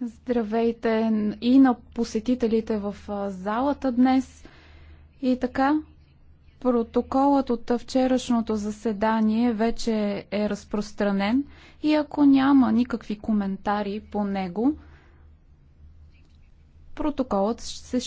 Здравейте и на посетителите в залата днес. И така, протоколът от вчерашното заседание вече е разпространен и ако няма никакви коментари по него, протоколът се счита.